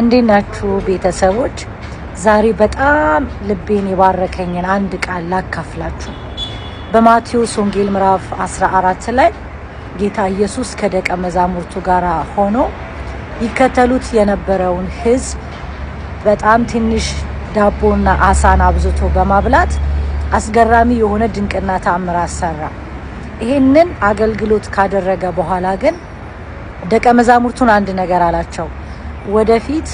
እንዴት ናችሁ ቤተሰቦች? ዛሬ በጣም ልቤን የባረከኝን አንድ ቃል ላካፍላችሁ። በማቴዎስ ወንጌል ምዕራፍ 14 ላይ ጌታ ኢየሱስ ከደቀ መዛሙርቱ ጋር ሆኖ ይከተሉት የነበረውን ሕዝብ በጣም ትንሽ ዳቦና አሳን አብዝቶ በማብላት አስገራሚ የሆነ ድንቅና ተአምር አሰራ። ይህንን አገልግሎት ካደረገ በኋላ ግን ደቀ መዛሙርቱን አንድ ነገር አላቸው። ወደፊት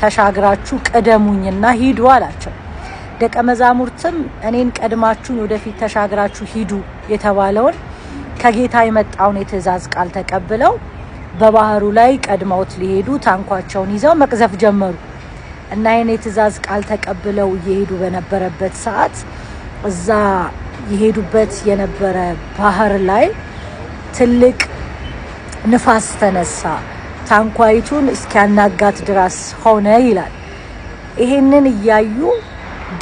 ተሻግራችሁ ቅደሙኝና ሂዱ አላቸው። ደቀ መዛሙርትም እኔን ቀድማችሁን ወደፊት ተሻግራችሁ ሂዱ የተባለውን ከጌታ የመጣውን የትእዛዝ ቃል ተቀብለው በባህሩ ላይ ቀድመውት ሊሄዱ ታንኳቸውን ይዘው መቅዘፍ ጀመሩ እና ይህን የትእዛዝ ቃል ተቀብለው እየሄዱ በነበረበት ሰዓት እዛ የሄዱበት የነበረ ባህር ላይ ትልቅ ንፋስ ተነሳ። ታንኳይቱን እስኪያናጋት ድረስ ሆነ ይላል። ይሄንን እያዩ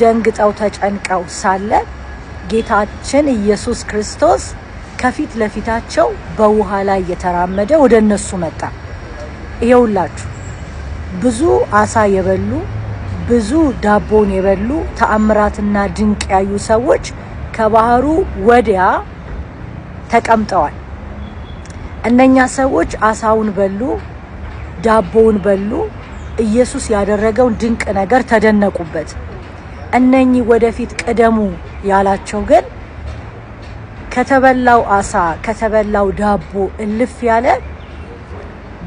ደንግጠው ተጨንቀው ሳለ ጌታችን ኢየሱስ ክርስቶስ ከፊት ለፊታቸው በውሃ ላይ እየተራመደ ወደ እነሱ መጣ። ይሄውላችሁ ብዙ አሳ የበሉ ብዙ ዳቦን የበሉ ተአምራትና ድንቅ ያዩ ሰዎች ከባህሩ ወዲያ ተቀምጠዋል። እነኛ ሰዎች አሳውን በሉ። ዳቦውን በሉ። ኢየሱስ ያደረገውን ድንቅ ነገር ተደነቁበት። እነኚህ ወደፊት ቅደሙ ያላቸው ግን ከተበላው አሳ ከተበላው ዳቦ እልፍ ያለ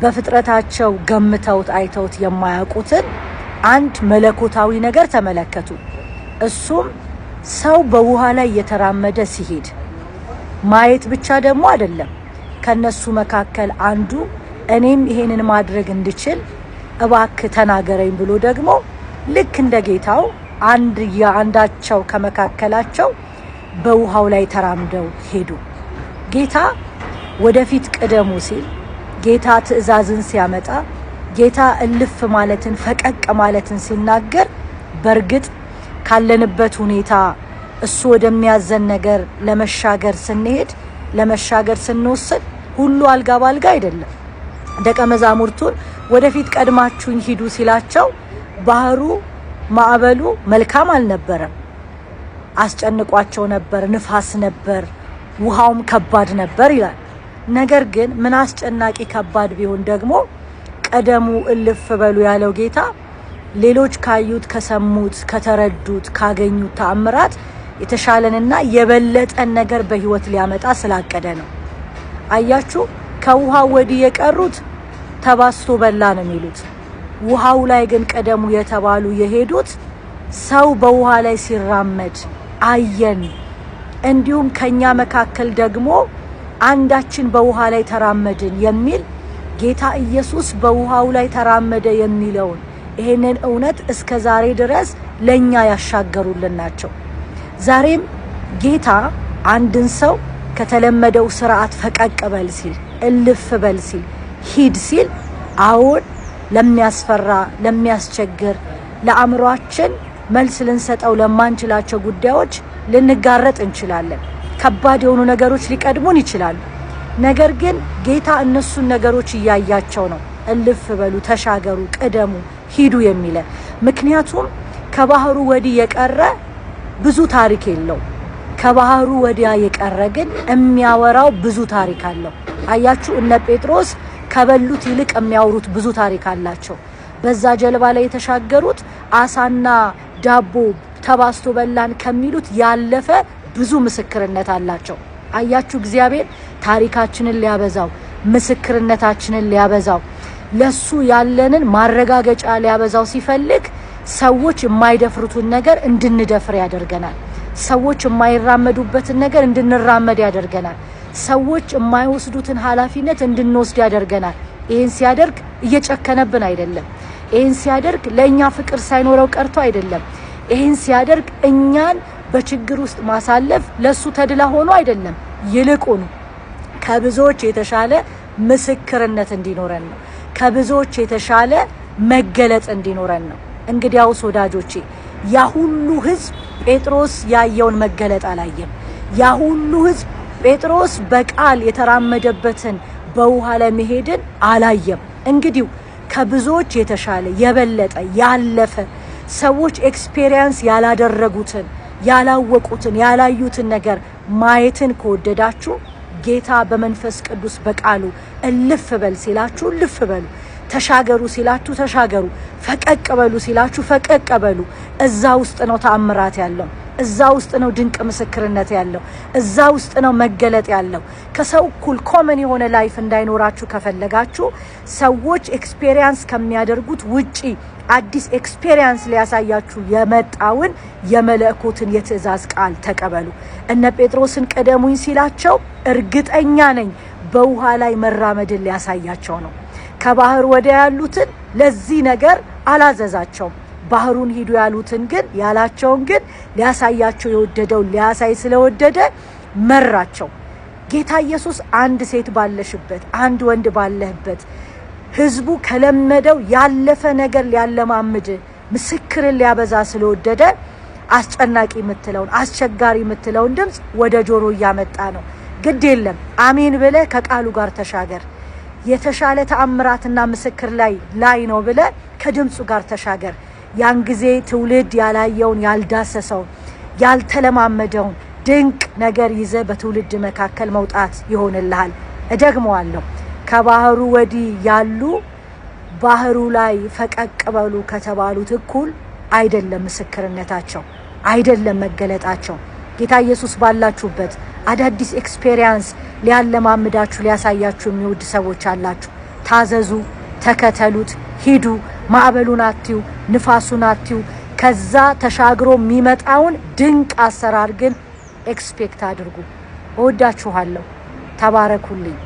በፍጥረታቸው ገምተውት አይተውት የማያውቁትን አንድ መለኮታዊ ነገር ተመለከቱ። እሱም ሰው በውሃ ላይ እየተራመደ ሲሄድ ማየት ብቻ ደግሞ አይደለም። ከነሱ መካከል አንዱ እኔም ይሄንን ማድረግ እንድችል እባክ ተናገረኝ ብሎ ደግሞ ልክ እንደ ጌታው አንድ የአንዳቸው ከመካከላቸው በውሃው ላይ ተራምደው ሄዱ። ጌታ ወደፊት ቅደሙ ሲል፣ ጌታ ትዕዛዝን ሲያመጣ፣ ጌታ እልፍ ማለትን ፈቀቅ ማለትን ሲናገር በእርግጥ ካለንበት ሁኔታ እሱ ወደሚያዘን ነገር ለመሻገር ስንሄድ ለመሻገር ስንወስድ ሁሉ አልጋ ባልጋ አይደለም። ደቀ መዛሙርቱን ወደፊት ቀድማችሁኝ ሂዱ ሲላቸው ባህሩ ማዕበሉ መልካም አልነበረም። አስጨንቋቸው ነበር፣ ንፋስ ነበር፣ ውሃውም ከባድ ነበር ይላል። ነገር ግን ምን አስጨናቂ ከባድ ቢሆን ደግሞ ቀደሙ እልፍ በሉ ያለው ጌታ ሌሎች ካዩት፣ ከሰሙት፣ ከተረዱት፣ ካገኙት ተአምራት የተሻለንና የበለጠን ነገር በህይወት ሊያመጣ ስላቀደ ነው። አያችሁ። ከውሃ ወዲህ የቀሩት ተባስቶ በላ ነው የሚሉት። ውሃው ላይ ግን ቀደሙ የተባሉ የሄዱት ሰው በውሃ ላይ ሲራመድ አየን። እንዲሁም ከኛ መካከል ደግሞ አንዳችን በውሃ ላይ ተራመድን የሚል ጌታ ኢየሱስ በውሃው ላይ ተራመደ የሚለውን ይሄንን እውነት እስከ ዛሬ ድረስ ለኛ ያሻገሩልን ናቸው። ዛሬም ጌታ አንድን ሰው ከተለመደው ስርዓት ፈቀቅ በል ሲል እልፍ በል ሲል ሂድ ሲል አዎን ለሚያስፈራ ለሚያስቸግር ለአእምሯችን መልስ ልንሰጠው ለማንችላቸው ጉዳዮች ልንጋረጥ እንችላለን። ከባድ የሆኑ ነገሮች ሊቀድሙን ይችላሉ። ነገር ግን ጌታ እነሱን ነገሮች እያያቸው ነው። እልፍ በሉ፣ ተሻገሩ፣ ቅደሙ፣ ሂዱ የሚለ ምክንያቱም ከባህሩ ወዲህ የቀረ ብዙ ታሪክ የለው። ከባህሩ ወዲያ የቀረ ግን የሚያወራው ብዙ ታሪክ አለው። አያችሁ፣ እነ ጴጥሮስ ከበሉት ይልቅ የሚያወሩት ብዙ ታሪክ አላቸው። በዛ ጀልባ ላይ የተሻገሩት አሳና ዳቦ ተባስቶ በላን ከሚሉት ያለፈ ብዙ ምስክርነት አላቸው። አያችሁ፣ እግዚአብሔር ታሪካችንን ሊያበዛው፣ ምስክርነታችንን ሊያበዛው፣ ለሱ ያለንን ማረጋገጫ ሊያበዛው ሲፈልግ ሰዎች የማይደፍሩትን ነገር እንድንደፍር ያደርገናል። ሰዎች የማይራመዱበትን ነገር እንድንራመድ ያደርገናል። ሰዎች የማይወስዱትን ኃላፊነት እንድንወስድ ያደርገናል። ይህን ሲያደርግ እየጨከነብን አይደለም። ይህን ሲያደርግ ለእኛ ፍቅር ሳይኖረው ቀርቶ አይደለም። ይህን ሲያደርግ እኛን በችግር ውስጥ ማሳለፍ ለእሱ ተድላ ሆኖ አይደለም። ይልቁኑ ከብዙዎች የተሻለ ምስክርነት እንዲኖረን ነው። ከብዙዎች የተሻለ መገለጽ እንዲኖረን ነው። እንግዲያውስ ወዳጆቼ ያ ሁሉ ሕዝብ ጴጥሮስ ያየውን መገለጥ አላየም። ያ ሁሉ ሕዝብ ጴጥሮስ በቃል የተራመደበትን በውሃ ላይ መሄድን አላየም። እንግዲህ ከብዙዎች የተሻለ የበለጠ ያለፈ ሰዎች ኤክስፔሪየንስ ያላደረጉትን ያላወቁትን ያላዩትን ነገር ማየትን ከወደዳችሁ ጌታ በመንፈስ ቅዱስ በቃሉ እልፍ በል ሲላችሁ እልፍ በሉ፣ ተሻገሩ ሲላችሁ ተሻገሩ፣ ፈቀቅ በሉ ሲላችሁ ፈቀቅ በሉ። እዛ ውስጥ ነው ተአምራት ያለው። እዛ ውስጥ ነው ድንቅ ምስክርነት ያለው። እዛ ውስጥ ነው መገለጥ ያለው። ከሰው እኩል ኮመን የሆነ ላይፍ እንዳይኖራችሁ ከፈለጋችሁ ሰዎች ኤክስፔሪየንስ ከሚያደርጉት ውጪ አዲስ ኤክስፔሪንስ ሊያሳያችሁ የመጣውን የመለኮትን የትእዛዝ ቃል ተቀበሉ። እነ ጴጥሮስን ቅደሙኝ ሲላቸው እርግጠኛ ነኝ በውሃ ላይ መራመድን ሊያሳያቸው ነው። ከባህር ወዲያ ያሉትን ለዚህ ነገር አላዘዛቸውም። ባህሩን ሂዱ ያሉትን ግን ያላቸውን ግን ሊያሳያቸው የወደደውን ሊያሳይ ስለወደደ መራቸው። ጌታ ኢየሱስ አንድ ሴት ባለሽበት፣ አንድ ወንድ ባለህበት ህዝቡ ከለመደው ያለፈ ነገር ሊያለማምድ ምስክርን ሊያበዛ ስለወደደ አስጨናቂ የምትለውን አስቸጋሪ የምትለውን ድምፅ ወደ ጆሮ እያመጣ ነው። ግድ የለም አሜን ብለህ ከቃሉ ጋር ተሻገር። የተሻለ ተአምራትና ምስክር ላይ ላይ ነው ብለህ ከድምፁ ጋር ተሻገር። ያን ጊዜ ትውልድ ያላየውን ያልዳሰሰውን ያልተለማመደውን ድንቅ ነገር ይዘ በትውልድ መካከል መውጣት ይሆንልሃል። እደግመዋለሁ፣ ከባህሩ ወዲህ ያሉ ባህሩ ላይ ፈቀቅ በሉ ከተባሉት እኩል አይደለም ምስክርነታቸው፣ አይደለም መገለጣቸው። ጌታ ኢየሱስ ባላችሁበት አዳዲስ ኤክስፔሪያንስ ሊያለማምዳችሁ ሊያሳያችሁ የሚወድ ሰዎች አላችሁ። ታዘዙ። ተከተሉት፣ ሂዱ፣ ማዕበሉን አትዩ፣ ንፋሱን አትዩ። ከዛ ተሻግሮ የሚመጣውን ድንቅ አሰራር ግን ኤክስፔክት አድርጉ። እወዳችኋለሁ። ተባረኩልኝ።